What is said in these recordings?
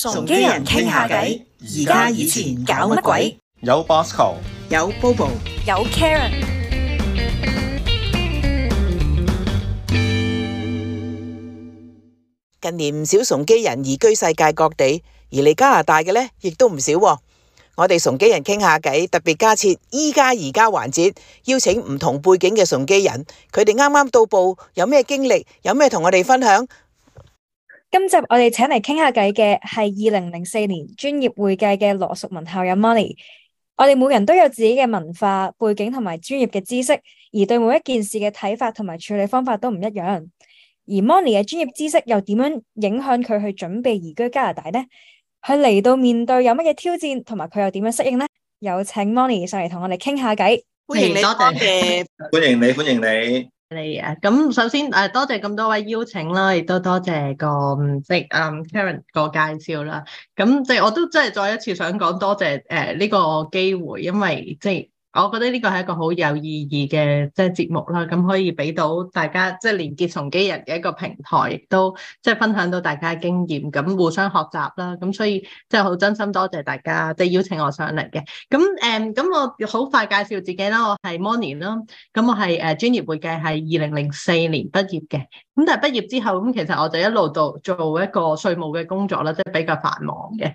崇基人傾下偈，依家移加搞乜鬼？有 Bosco，有 Bobo，有 Karen。近年唔少崇基人移居世界各地，而嚟加拿大嘅呢亦都唔少啊。我哋崇基人傾下偈，特別加設依家移加環節，邀請唔同背景嘅崇基人，佢哋啱啱到埗，有咩經歷，有咩同我哋分享？今集我哋請嚟傾下偈嘅係二零零四年專業會計嘅羅淑雯校友 Monnie。我哋每人都有自己嘅文化背景同埋專業嘅知識，而對每一件事嘅睇法同埋處理方法都唔一樣。而 Monnie 嘅專業知識又點樣影響佢去準備移居加拿大呢？佢嚟到面對有乜嘢挑戰，同埋佢又點樣適應呢？有請 Monnie 上嚟同我哋傾下偈。歡迎你。多謝，歡迎你，歡迎你。嚟嘅，咁、嗯、首先誒、啊，多謝咁多位邀請啦，亦都多謝個即係嗯、啊、Karen 個介紹啦。咁、嗯、即係我都真係再一次想講多謝誒呢、呃呢個機會，因為即係，我覺得呢個係一個好有意義嘅即係節目啦，咁可以俾到大家即係、就是、連結崇基人嘅一個平台，亦都即係分享到大家嘅經驗，咁互相學習啦。咁所以即係好真心多謝大家即係、就是、邀請我上嚟嘅。咁誒，咁、嗯、我好快介紹自己啦，我係 Monnie 啦。咁我係誒專業會計，係二零零四年畢業嘅。咁但係畢業之後，咁其實我就一路都做一個稅務嘅工作啦，即、就、係、是、比較繁忙嘅。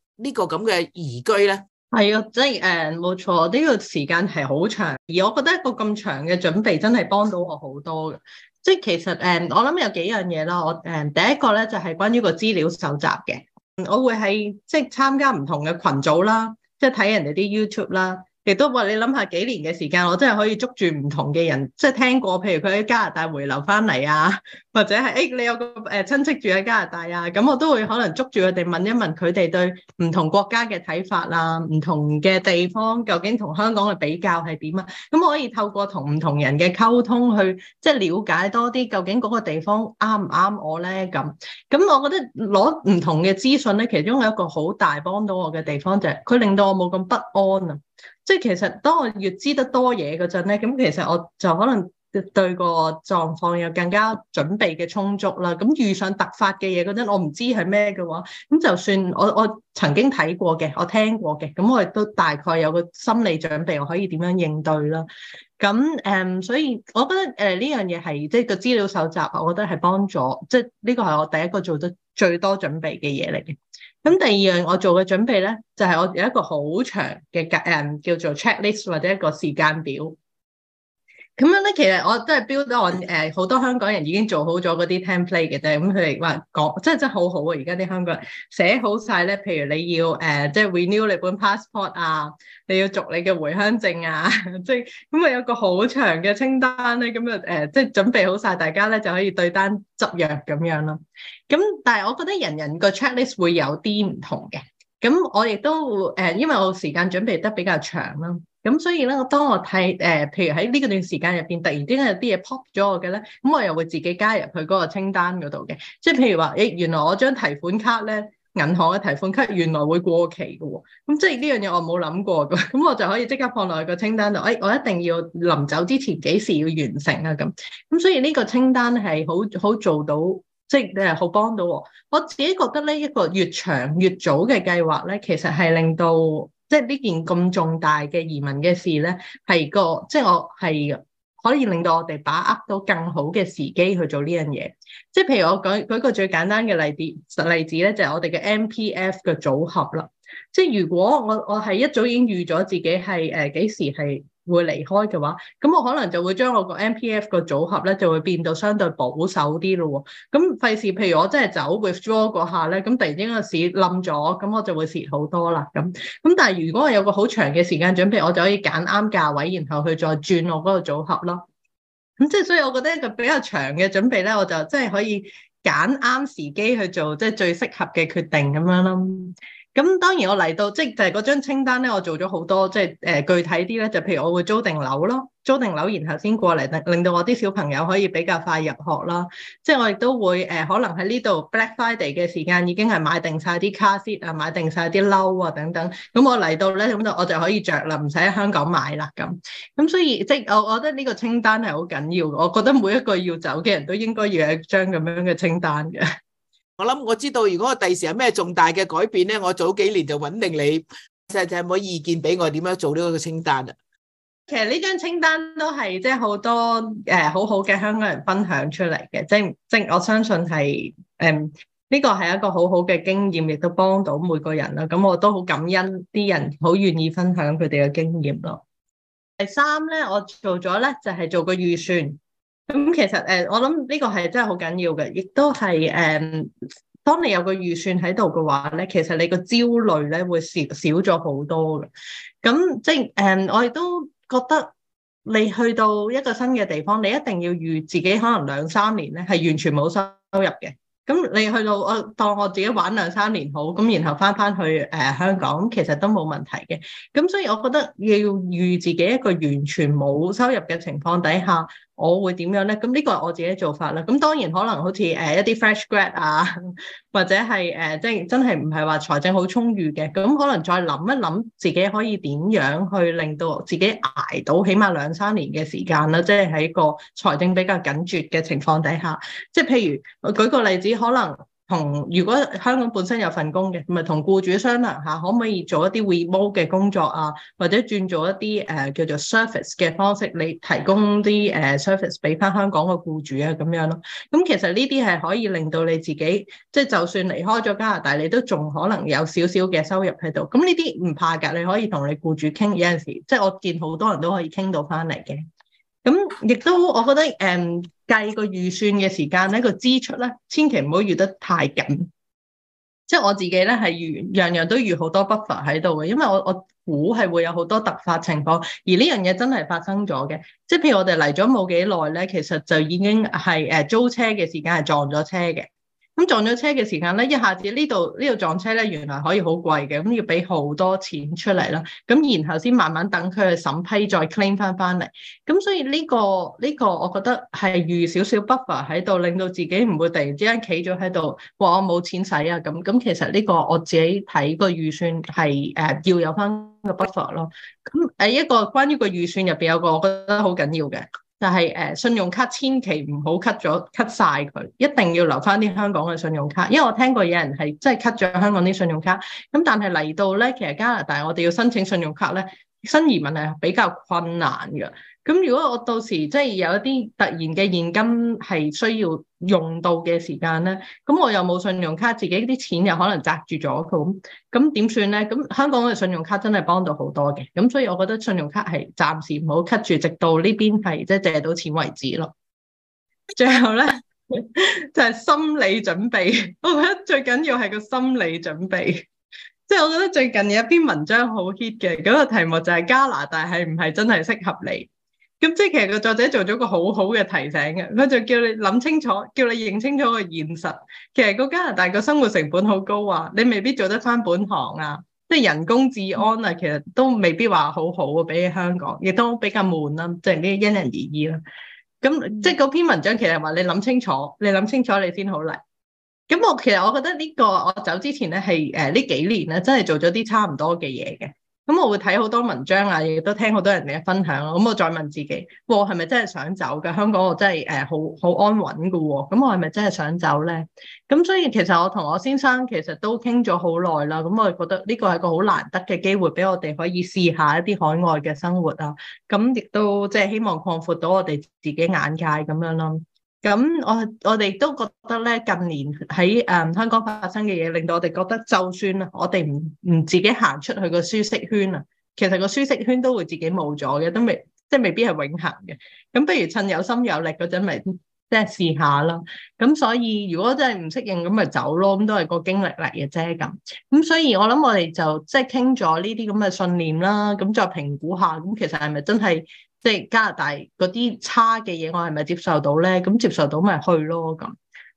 呢個咁嘅移居咧，係啊，即係誒冇錯，呢個時間係好長，而我覺得一個咁長嘅準備真係幫到我好多嘅。即係其實誒，我諗有幾樣嘢啦，我誒第一個咧就係關於個資料搜集嘅，我會喺即係參加唔同嘅群組啦，即係睇人哋啲 YouTube 啦，亦都話你諗下幾年嘅時間，我真係可以捉住唔同嘅人，即係聽過，譬如佢喺加拿大回流翻嚟啊。或者係誒、欸,你有個誒親戚住喺加拿大啊，咁我都會可能捉住佢哋問一問佢哋對唔同國家嘅睇法啦，唔同嘅地方究竟同香港嘅比較係點啊？咁我可以透過同唔同人嘅溝通去即係了解多啲，究竟嗰個地方啱唔啱我咧？咁咁，我覺得攞唔同嘅資訊咧，其中有一個好大幫到我嘅地方就係佢令到我冇咁不安啊！即係其實當我越知得多嘢嗰陣咧，咁其實我就可能。對個狀況有更加準備嘅充足啦，咁遇上突發嘅嘢嗰陣，我唔知係咩嘅話，咁就算我我曾經睇過嘅，我聽過嘅，咁我亦都大概有個心理準備，我可以點樣應對啦。咁誒、嗯，所以我覺得誒呢、呃、樣嘢係即係個資料搜集，我覺得係幫助，即係呢個係我第一個做得最多準備嘅嘢嚟嘅。咁第二樣我做嘅準備咧，就係、是、我有一個好長嘅誒、嗯、叫做 checklist 或者一個時間表。咁樣咧，其實我都係 build on 誒、呃、好多香港人已經做好咗嗰啲 template 嘅啫。咁佢哋話講，真係真係好好啊！而家啲香港人寫好晒咧，譬如你要誒、呃、即係 renew 你本 passport 啊，你要續你嘅回鄉證啊，即係咁啊，有個好長嘅清單咧，咁啊誒，即係準備好晒，大家咧就可以對單執藥咁樣咯。咁但係我覺得人人個 checklist 會有啲唔同嘅。咁我亦都誒、呃，因為我時間準備得比較長啦。咁所以咧，我當我睇誒、呃，譬如喺呢個段時間入邊，突然之間有啲嘢 pop 咗我嘅咧，咁我又會自己加入去嗰個清單嗰度嘅。即係譬如話，誒、欸、原來我張提款卡咧，銀行嘅提款卡原來會過期嘅喎、哦。咁即係呢樣嘢我冇諗過㗎，咁我就可以即刻放落去個清單度。誒、哎，我一定要臨走之前幾時要完成啊咁。咁所以呢個清單係好好做到，即係好幫到我。我自己覺得呢一個越長越早嘅計劃咧，其實係令到。即係呢件咁重大嘅移民嘅事咧，係個即係我係可以令到我哋把握到更好嘅時機去做呢樣嘢。即係譬如我舉舉一個最簡單嘅例子，例子咧就係、是、我哋嘅 MPF 嘅組合啦。即係如果我我係一早已經預咗自己係誒幾時係。會離開嘅話，咁我可能就會將我個 MPF 個組合咧就會變到相對保守啲咯。咁費事，譬如我真係走 withdraw 嗰下咧，咁突然間個市冧咗，咁我就會蝕好多啦。咁咁但係如果我有個好長嘅時間準備，我就可以揀啱價位，然後去再轉我嗰個組合咯。咁即係，所以我覺得一個比較長嘅準備咧，我就即係可以揀啱時機去做，即係最適合嘅決定咁樣咯。咁當然我嚟到即係就係、是、嗰張清單咧，我做咗好多即係誒具體啲咧，就譬如我會租定樓咯，租定樓然後先過嚟令，令到我啲小朋友可以比較快入學啦。即係我亦都會誒、呃，可能喺呢度 Black Friday 嘅時間已經係買定晒啲 card 啊，買定晒啲褸啊等等。咁我嚟到咧咁就我就可以着啦，唔使喺香港買啦咁。咁所以即係我，我覺得呢個清單係好緊要，我覺得每一個要走嘅人都應該要有一張咁樣嘅清單嘅。我諗我知道，如果我第時有咩重大嘅改變咧，我早幾年就搵定你，就就冇意見俾我點樣做呢個清單啊。其實呢張清單都係即係好多誒好好嘅香港人分享出嚟嘅，即係即係我相信係誒呢個係一個好好嘅經驗，亦都幫到每個人啦。咁我都好感恩啲人好願意分享佢哋嘅經驗咯。第三咧，我做咗咧就係做個預算。咁其實誒，我諗呢個係真係好緊要嘅，亦都係誒，當你有個預算喺度嘅話咧，其實你個焦慮咧會少少咗好多嘅。咁即係誒，我亦都覺得你去到一個新嘅地方，你一定要預自己可能兩三年咧係完全冇收入嘅。咁你去到我當我自己玩兩三年好，咁然後翻翻去誒香港，其實都冇問題嘅。咁所以我覺得要預自己一個完全冇收入嘅情況底下。我會點樣咧？咁呢個係我自己做法啦。咁當然可能好似誒一啲 fresh grad 啊，或者係誒即係真係唔係話財政好充裕嘅。咁可能再諗一諗自己可以點樣去令到自己捱到起碼兩三年嘅時間啦。即係喺個財政比較緊絀嘅情況底下，即係譬如我舉個例子，可能。同如果香港本身有份工嘅，唔係同僱主商量下可唔可以做一啲 remote 嘅工作啊？或者轉做一啲誒、呃、叫做 service 嘅方式，你提供啲誒 service 俾翻香港個僱主啊，咁樣咯。咁、嗯、其實呢啲係可以令到你自己，即係就算離開咗加拿大，你都仲可能有少少嘅收入喺度。咁呢啲唔怕㗎，你可以同你僱主傾。有陣時即係我見好多人都可以傾到翻嚟嘅。咁亦、嗯、都，我覺得誒、嗯、計個預算嘅時間咧，個支出咧，千祈唔好預得太緊。即係我自己咧，係預樣樣都預好多 buffer 喺度嘅，因為我我估係會有好多突發情況，而呢樣嘢真係發生咗嘅。即係譬如我哋嚟咗冇幾耐咧，其實就已經係誒租車嘅時間係撞咗車嘅。咁撞咗車嘅時間咧，一下子呢度呢度撞車咧，原來可以好貴嘅，咁要俾好多錢出嚟啦。咁然後先慢慢等佢去審批再 claim 翻翻嚟。咁所以呢個呢個，這個、我覺得係預少少 buffer 喺度，令到自己唔會突然之間企咗喺度話我冇錢使啊。咁咁其實呢個我自己睇個預算係誒要有翻個 buffer 咯。咁誒一個關於個預算入邊有個我覺得好緊要嘅。就係誒信用卡千祈唔好 cut 咗 cut 晒佢，一定要留翻啲香港嘅信用卡，因為我聽過有人係真係 cut 咗香港啲信用卡，咁但係嚟到咧，其實加拿大我哋要申請信用卡咧。新移民係比較困難嘅，咁如果我到時即係有一啲突然嘅現金係需要用到嘅時間咧，咁我又冇信用卡，自己啲錢又可能紮住咗咁，咁點算咧？咁香港嘅信用卡真係幫到好多嘅，咁所以我覺得信用卡係暫時唔好 cut 住，直到呢邊係即係借到錢為止咯。最後咧 就係心理準備，我覺得最緊要係個心理準備。即係我覺得最近有一篇文章好 hit 嘅，嗰個題目就係加拿大係唔係真係適合你？咁即係其實個作者做咗個好好嘅提醒嘅，佢就叫你諗清楚，叫你認清楚個現實。其實個加拿大個生活成本好高啊，你未必做得翻本行啊，即係人工治安啊，其實都未必話好好啊，比起香港亦都比較悶啦，即係呢，因人而異啦。咁即係嗰篇文章其實話你諗清楚，你諗清楚你先好嚟。咁我其實我覺得呢個我走之前咧係誒呢幾年咧真係做咗啲差唔多嘅嘢嘅，咁我會睇好多文章啊，亦都聽好多人嘅分享。咁我再問自己，我係咪真係想走嘅？香港我真係誒好好安穩嘅喎，咁我係咪真係想走咧？咁所以其實我同我先生其實都傾咗好耐啦。咁我覺得呢個係個好難得嘅機會，俾我哋可以試下一啲海外嘅生活啊。咁亦都即係希望擴闊到我哋自己眼界咁樣咯。咁我我哋都覺得咧，近年喺誒香港發生嘅嘢，令到我哋覺得，就算我哋唔唔自己行出去個舒適圈啊，其實個舒適圈都會自己冇咗嘅，都未即係未必係永恒嘅。咁不如趁有心有力嗰陣，咪即係試下咯。咁所以如果真係唔適應，咁咪走咯。咁都係個經歷嚟嘅啫。咁咁所以，我諗我哋就即係傾咗呢啲咁嘅信念啦。咁再評估下，咁其實係咪真係？即係加拿大嗰啲差嘅嘢，我係咪接受到咧？咁接受到咪去咯咁。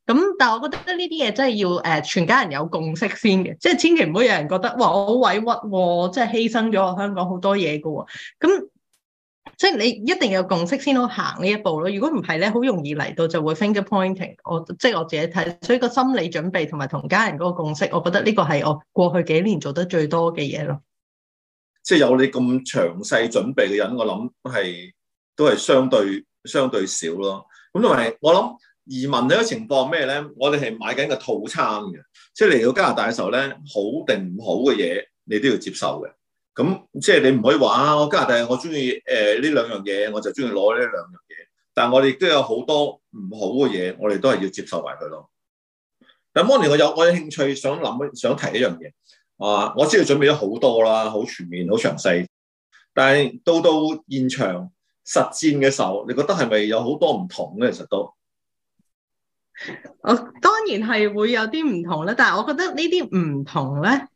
咁但係我覺得呢啲嘢真係要誒、呃、全家人有共識先嘅，即係千祈唔好有人覺得哇我好委屈喎、哦，即係犧牲咗我香港好多嘢嘅喎。咁即係你一定要有共識先好行呢一步咯。如果唔係咧，好容易嚟到就會 finger pointing 我。我即係我自己睇，所以個心理準備同埋同家人嗰個共識，我覺得呢個係我過去幾年做得最多嘅嘢咯。即係有你咁詳細準備嘅人，我諗係都係相對相對少咯。咁同埋我諗移民呢個情況咩咧？我哋係買緊個套餐嘅，即係嚟到加拿大嘅時候咧，好定唔好嘅嘢你都要接受嘅。咁即係你唔可以話啊，我加拿大我中意誒呢兩樣嘢，我就中意攞呢兩樣嘢。但係我哋都有好多唔好嘅嘢，我哋都係要接受埋佢咯。但 Monnie 我有我有興趣想想想，想諗想提一樣嘢。啊！我知道準備咗好多啦，好全面，好詳細。但係到到現場實戰嘅時候，你覺得係咪有好多唔同咧？其實都我當然係會有啲唔同咧，但係我覺得呢啲唔同咧，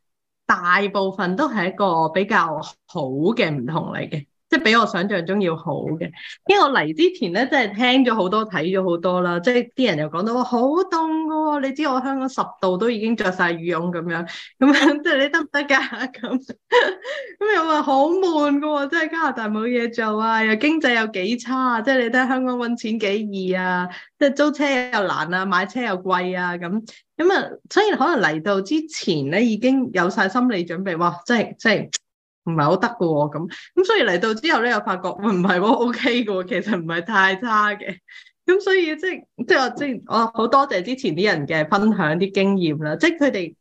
大部分都係一個比較好嘅唔同嚟嘅。即係比我想象中要好嘅，因為我嚟之前咧，即係聽咗好多、睇咗好多啦，即係啲人又講到話好凍嘅喎，你知我香港十度都已經着晒羽絨咁樣，咁樣即係你得唔得噶？咁咁又話好悶嘅喎，即係、啊、 加拿大冇嘢做啊，又經濟又幾差，即係你睇香港揾錢幾易啊，即係租車又難啊，買車又貴啊，咁咁啊，所以可能嚟到之前咧已經有晒心理準備，哇！即係即係。唔係好得嘅喎，咁咁、哦、所以嚟到之後咧，又發覺唔係喎，OK 嘅喎，其實唔係太差嘅。咁 所以即即我之前，我好多謝之前啲人嘅分享啲經驗啦。即佢哋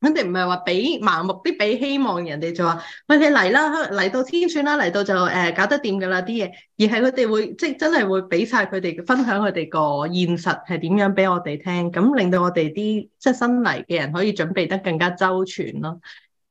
肯定唔係話俾盲目啲，俾希望人哋就話，喂，你嚟啦，嚟到天算啦，嚟到就誒、呃、搞得掂㗎啦啲嘢，而係佢哋會即真係會俾晒佢哋分享佢哋個現實係點樣俾我哋聽，咁令到我哋啲即新嚟嘅人可以準備得更加周全咯。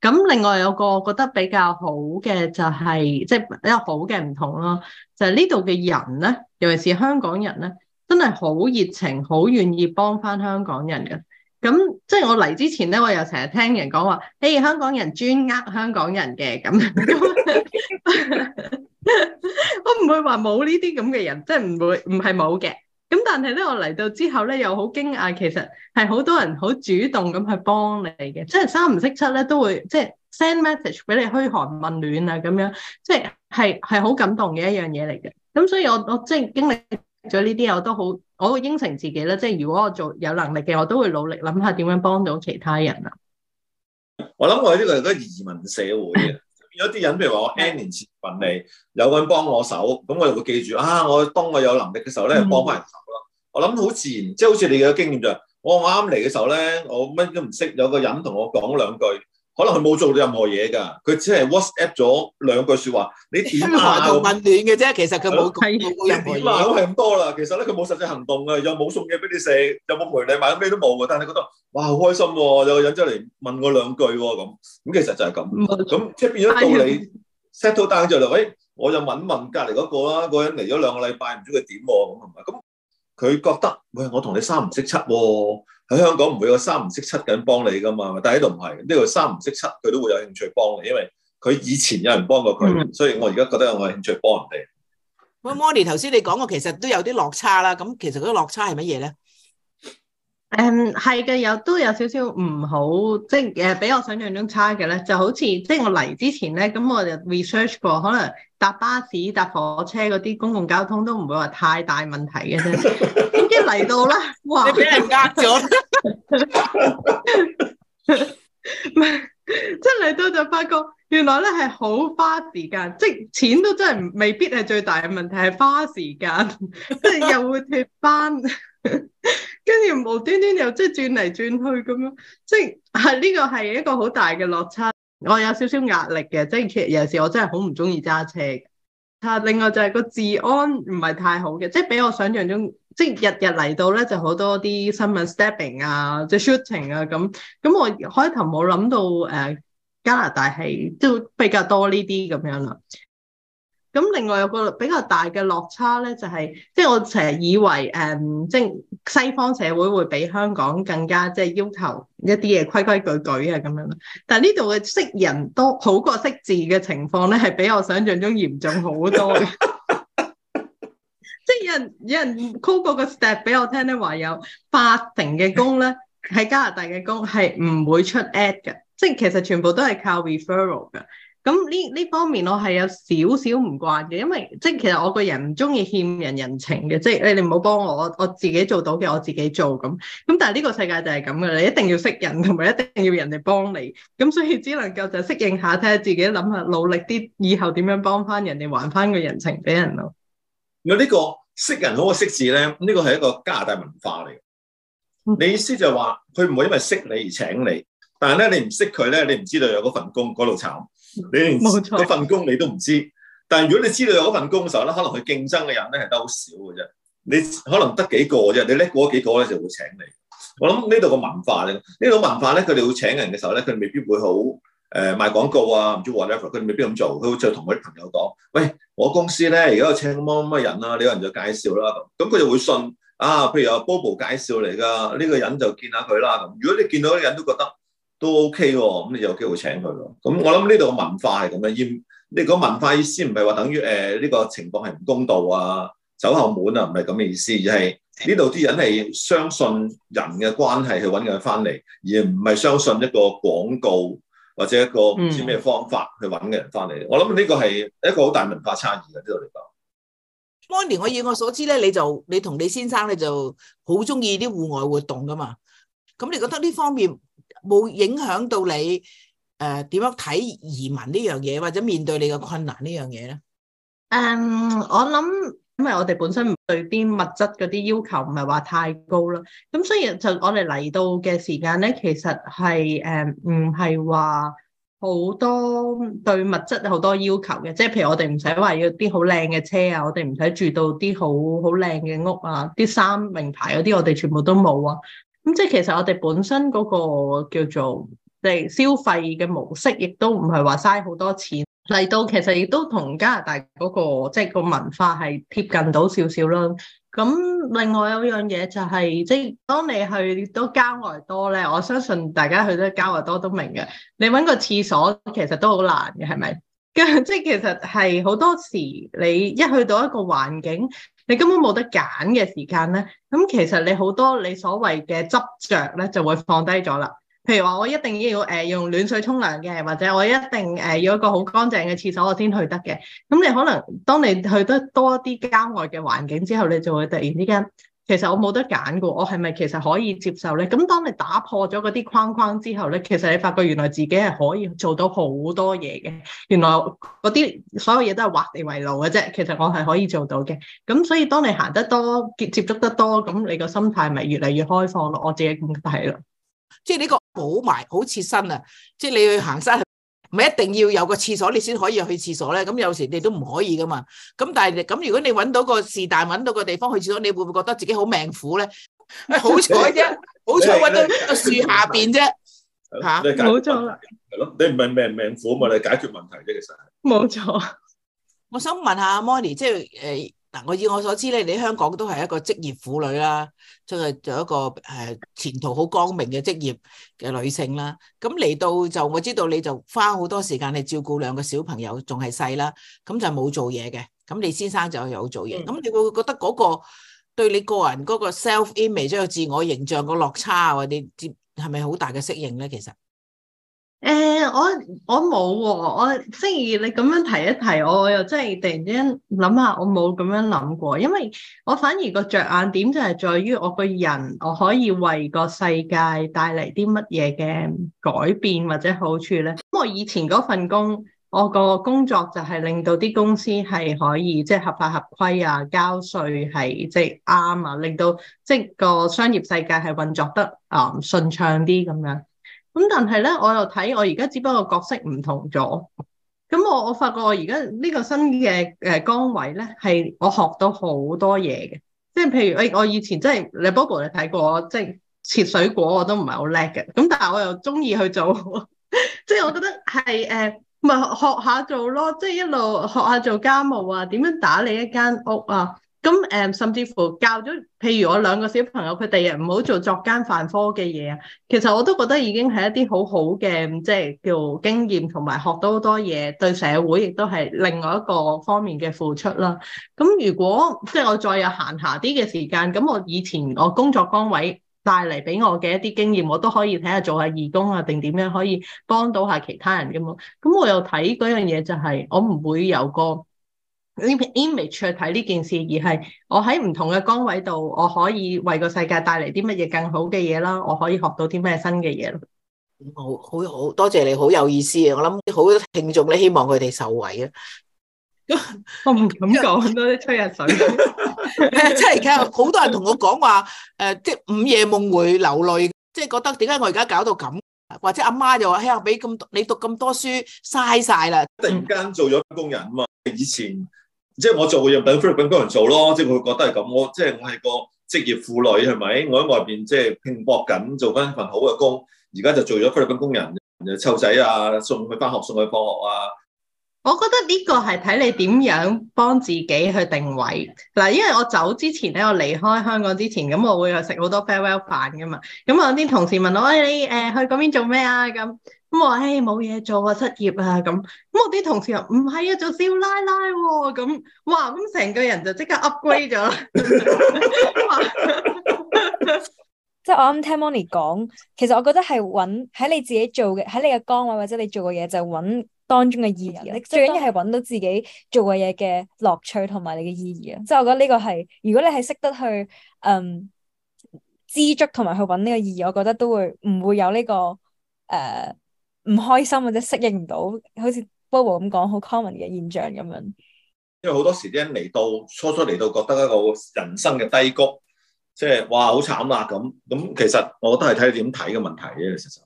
咁另外有個覺得比較好嘅就係，即係比較好嘅唔同咯，就係、是就是、呢度嘅人咧，尤其是香港人咧，真係好熱情，好願意幫翻香港人嘅。咁即係我嚟之前咧，我又成日聽人講話，誒、hey，香港人專呃香港人嘅咁， 我唔會話冇呢啲咁嘅人，即係唔會唔係冇嘅。咁但係咧，我嚟到之後咧，又好驚訝，其實係好多人好主動咁去幫你嘅，即係三唔識七咧，都會即係 send message 俾你嘘寒問暖啊，咁樣即係係係好感動嘅一樣嘢嚟嘅。咁所以我，我我即係經歷咗呢啲，我都好，我會應承自己啦，即係如果我做有能力嘅，我都會努力諗下點樣幫到其他人啊。我諗我呢個都係移民社會啊。 有一啲人，譬如話我 N 年前份嚟，有個人幫我手，咁我就會記住啊！我當我有能力嘅時候咧，幫翻人手咯。嗯、我諗好自然，即係好似你嘅經驗就係，我啱嚟嘅時候咧，我乜都唔識，有個人同我講兩句。可能佢冇做到任何嘢㗎，佢只係 WhatsApp 咗兩句說話。你填下度問暖嘅啫，其實佢冇。係咁多啦，其實咧佢冇實際行動嘅，又冇送嘢俾你食，又冇陪你買，咩都冇嘅。但係覺得哇，好開心喎，有個人出嚟問我兩句喎，咁咁其實就係咁。咁即係變咗到嚟 set to down 就嚟，喂，我就問問隔離嗰個啦，嗰人嚟咗兩個禮拜，唔知佢點喎，咁係咪咁？佢覺得喂，我同你三唔識七喎，哦，喺香港唔會有三唔識七噉幫你噶嘛，但係呢度唔係呢度三唔識七，佢都會有興趣幫你，因為佢以前有人幫過佢，嗯、所以我而家覺得我有，有興趣幫人哋。喂，Monnie 頭先你講過其實都有啲落差啦，咁其實嗰落差係乜嘢咧？誒，係嘅，um，有都有少少唔好，即係誒，比我想象中差嘅咧，就好似即係我嚟之前咧，咁我就 research 過，可能搭巴士、搭火車嗰啲公共交通都唔會話太大問題嘅啫，點知嚟到啦，哇，俾人呃咗，即係嚟到就發覺原來咧係好花時間，即係錢都真係未必係最大嘅問題，係花時間，即係又會脫班。 跟住 無端端又即係轉嚟轉去咁樣，即係呢個係一個好大嘅落差。我有少少壓力嘅，即係其實有時我真係好唔中意揸車。啊，另外就係個治安唔係太好嘅，即係比我想象中，即係日日嚟到咧就好多啲新聞 stabbing 啊，即係 shooting 啊咁。咁我開頭冇諗到誒、呃，加拿大係都比較多呢啲咁樣啦。咁另外有個比較大嘅落差咧、就係，就係即係我成日以為誒，即、嗯、係、就係、西方社會會比香港更加即係、就係、要求一啲嘢規規矩矩啊，咁樣。但係呢度嘅識人多好過識字嘅情況咧，係比我想象中嚴重好多嘅。即係 有人有人 call 過個 step 俾我聽咧，話有八成嘅工咧喺加拿大嘅工係唔會出 ad 嘅，即、就、係、係、其實全部都係靠 referral 嘅。咁呢呢方面我係有少少唔慣嘅，因為即係其實我個人唔中意欠人人情嘅，即係你你唔好幫我，我自己做到嘅我自己做咁。咁但係呢個世界就係咁嘅啦，你一定要識人同埋一定要人哋幫你，咁所以只能夠就適應下，睇下自己諗下努力啲，以後點樣幫翻人哋還翻個人情俾人咯。有呢、呢個識人好過識字咧，呢個係一個加拿大文化嚟。嗯、你意思就係話佢唔會因為識你而請你，但係咧你唔識佢咧，你唔知道有嗰份工嗰度慘。你連份工你都唔知，但係如果你知道有份工嘅時候咧，可能佢競爭嘅人咧係得好少嘅啫，你可能得幾個啫，你叻過嗰幾個咧就會請你。我諗呢度個文化咧，呢度文化咧，佢哋會請人嘅時候咧，佢未必會好誒、呃、賣廣告啊，唔知 whatever，佢未必咁做，佢會就同佢啲朋友講，喂，我公司咧而家有請咁樣乜人啊，你有人就介紹啦，咁佢就會信。啊，譬如阿 Bobo 介紹嚟噶，呢、這個人就見下佢啦。咁如果你見到啲人都覺得，都 OK 喎、哦，咁你有機會請佢喎。咁我諗呢度嘅文化係咁樣，意呢個文化意思唔係話等於誒呢、呃這個情況係唔公道啊，走後門啊，唔係咁嘅意思，而係呢度啲人係相信人嘅關係去揾佢人翻嚟，而唔係相信一個廣告或者一個唔知咩方法去揾嘅人翻嚟。嗯、我諗呢個係一個好大文化差異嘅呢度嚟講。Monnie，我以我所知咧，你就你同你先生你就好中意啲戶外活動噶嘛，咁你覺得呢方面，冇影響到你誒點樣睇移民呢樣嘢，或者面對你嘅困難呢樣嘢咧？誒，um, 我諗，因為我哋本身唔對啲物質嗰啲要求唔係話太高啦。咁所以就我哋嚟到嘅時間咧，其實係誒唔係話好多對物質好多要求嘅。即係譬如我哋唔使話要啲好靚嘅車啊，我哋唔使住到啲好好靚嘅屋啊，啲衫名牌嗰啲我哋全部都冇啊。咁即係其實我哋本身嗰個叫做即係消費嘅模式，亦都唔係話嘥好多錢嚟到，其實亦都同加拿大嗰、那個即係、就是、個文化係貼近到少少啦。咁另外有樣嘢就係、是、即、就、係、是、當你去到郊外多咧，我相信大家去到郊外多都明嘅。你搵個廁所其實都好難嘅，係咪？即 係其實係好多時你一去到一個環境。你根本冇得揀嘅時間咧，咁其實你好多你所謂嘅執著咧就會放低咗啦。譬如話我一定要誒用暖水沖涼嘅，或者我一定誒要一個好乾淨嘅廁所我先去得嘅。咁你可能當你去得多啲郊外嘅環境之後，你就會突然之間。其實我冇得揀嘅，我係咪其實可以接受咧？咁當你打破咗嗰啲框框之後咧，其實你發覺原來自己係可以做到好多嘢嘅。原來嗰啲所有嘢都係畫地為牢嘅啫。其實我係可以做到嘅。咁所以當你行得多、接接觸得多，咁你個心態咪越嚟越開放咯。我自己咁睇咯。即係呢個補埋好切身啊！即係你去行山。唔係一定要有個廁所你先可以去廁所咧，咁有時你都唔可以噶嘛。咁但係咁，如果你揾到個是但揾到個地方去廁所，你會唔會覺得自己好命苦咧？好彩啫，好彩揾到呢個樹下邊啫。吓，冇錯，係咯，你唔係命命苦啊嘛，你解決問題啫，其實。冇錯，我想問下阿 Monnie，即係誒。嗱，我以我所知咧，你喺香港都係一個職業婦女啦，即係做一個誒前途好光明嘅職業嘅女性啦。咁嚟到就我知道你就花好多時間去照顧兩個小朋友，仲係細啦，咁就冇做嘢嘅。咁你先生就有做嘢，咁、嗯、你會覺得嗰個對你個人嗰個 self image 即係自我形象個落差，或者係咪好大嘅適應咧？其實？誒、欸，我我冇喎，我即係、啊就是、你咁樣提一提，我又真係突然之間諗下，我冇咁樣諗過，因為我反而個着眼點就係在於我個人，我可以為個世界帶嚟啲乜嘢嘅改變或者好處咧。咁我以前嗰份工，我個工作就係令到啲公司係可以即係、就是、合法合規啊，交稅係即係啱啊，令到即係、就是、個商業世界係運作得啊順暢啲咁樣。咁但係咧，我又睇我而家只不過角色唔同咗。咁我我發覺我而家呢個新嘅誒崗位咧，係我學到好多嘢嘅。即係譬如，誒、欸、我以前即係你 Bobo 你睇過，即係切水果我都唔係好叻嘅。咁但係我又中意去做，即 係 我覺得係誒，咪、呃就是、學下做咯。即、就、係、是、一路學下做家務啊，點樣打理一間屋啊。咁誒，甚至乎教咗，譬如我兩個小朋友，佢第日唔好做作奸犯科嘅嘢啊。其實我都覺得已經係一啲好好嘅，即係叫經驗同埋學到好多嘢，對社會亦都係另外一個方面嘅付出啦。咁如果即係我再有閒暇啲嘅時間，咁我以前我工作崗位帶嚟俾我嘅一啲經驗，我都可以睇下做下義工啊，定點樣可以幫到下其他人咁咯。咁我又睇嗰樣嘢就係，我唔會有個 image 去睇呢件事，而係我喺唔同嘅崗位度，我可以為個世界帶嚟啲乜嘢更好嘅嘢啦。我可以學到啲咩新嘅嘢咯。好好好多謝你，好有意思啊！我諗好多聽眾咧，希望佢哋受惠啊。 我唔敢講多啲吹下水。即係，其實好多人同我講話，誒，即係午夜夢迴流淚，即係覺得點解我而家搞到咁？或者阿媽又話，哎呀，俾咁多，你讀咁多書，嘥晒啦！突然間做咗工人啊嘛，以前。即係我做嘅用品，菲律賓工人做咯，即係我會覺得係咁。我即係我係個職業婦女，係咪？我喺外邊即係拼搏緊，做緊一份好嘅工，而家就做咗菲律賓工人，湊仔啊，送佢返學，送佢放學啊。我覺得呢個係睇你點樣幫自己去定位嗱，因為我走之前咧，我離開香港之前，咁我會去食好多 farewell 飯噶嘛，咁我有啲同事問我，喂、哎，你誒、呃、去嗰邊做咩啊？咁咁我話，誒冇嘢做啊，失業啊咁，咁我啲同事又唔係啊，做少奶奶喎、啊，咁，哇，咁成個人就即刻 upgrade 咗。 即係我啱聽 Monnie 講，其實我覺得係揾喺你自己做嘅，喺你嘅崗位或者你做嘅嘢，就揾當中嘅意義。你、嗯、最緊要係揾到自己做嘅嘢嘅樂趣同埋你嘅意義啊！即係我覺得呢個係如果你係識得去嗯知足同埋去揾呢個意義，我覺得都會唔會有呢、這個誒唔、呃、開心或者適應唔到，好似 Bobo 咁講好 common 嘅現象咁樣。因為好多時啲人嚟到初初嚟到，覺得一個人生嘅低谷。即係哇，好慘啦咁咁，其實我覺得係睇你點睇嘅問題啫。其實，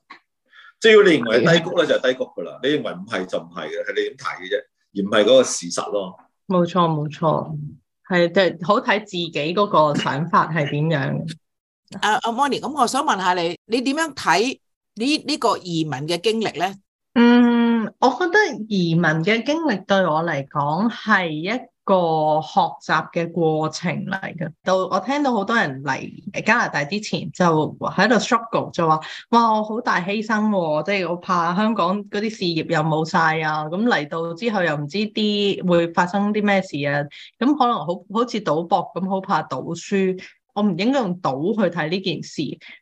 只要你認為低谷咧就係低谷噶啦，你認為唔係就唔係嘅，係你點睇嘅啫，而唔係嗰個事實咯。冇錯，冇錯，係即係好睇自己嗰個想法係點樣。阿阿 Monnie，咁我想問下你，你點樣睇呢呢個移民嘅經歷咧？嗯，我覺得移民嘅經歷對我嚟講係一。個學習嘅過程嚟㗎，到我聽到好多人嚟加拿大之前就喺度 struggle，就話哇我好大犧牲喎、啊，即係我怕香港嗰啲事業又冇晒啊，咁嚟到之後又唔知啲會發生啲咩事啊，咁可能好好似賭博咁，好賭怕賭輸，我唔應該用賭去睇呢件事，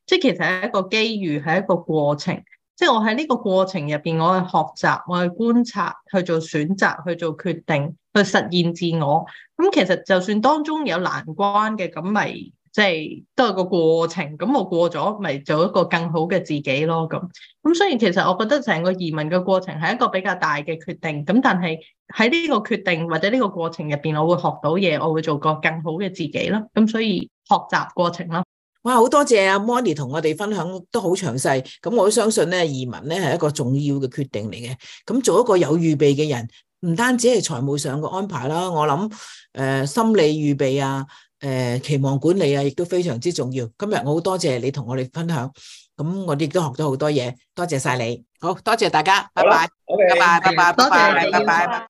即係其實係一個機遇，係一個過程。即係我喺呢個過程入邊，我去學習，我去觀察，去做選擇，去做決定，去實現自我。咁其實就算當中有難關嘅，咁咪即係都係個過程。咁我過咗，咪做一個更好嘅自己咯。咁咁，所以其實我覺得成個移民嘅過程係一個比較大嘅決定。咁但係喺呢個決定或者呢個過程入邊，我會學到嘢，我會做個更好嘅自己咯。咁所以學習過程咯。哇，好多謝阿 Monnie 同我哋分享都好詳細，咁我都相信咧，移民咧，係一個重要嘅決定嚟嘅，咁做一個有預備嘅人，唔單止係財務上嘅安排啦，我諗誒、呃、心理預備啊，誒、呃、期望管理啊，亦都非常之重要。今日我好多謝你同我哋分享，咁我哋亦都學咗好多嘢，多謝晒你，好多謝大家，拜拜，拜拜，拜拜，拜拜！拜拜。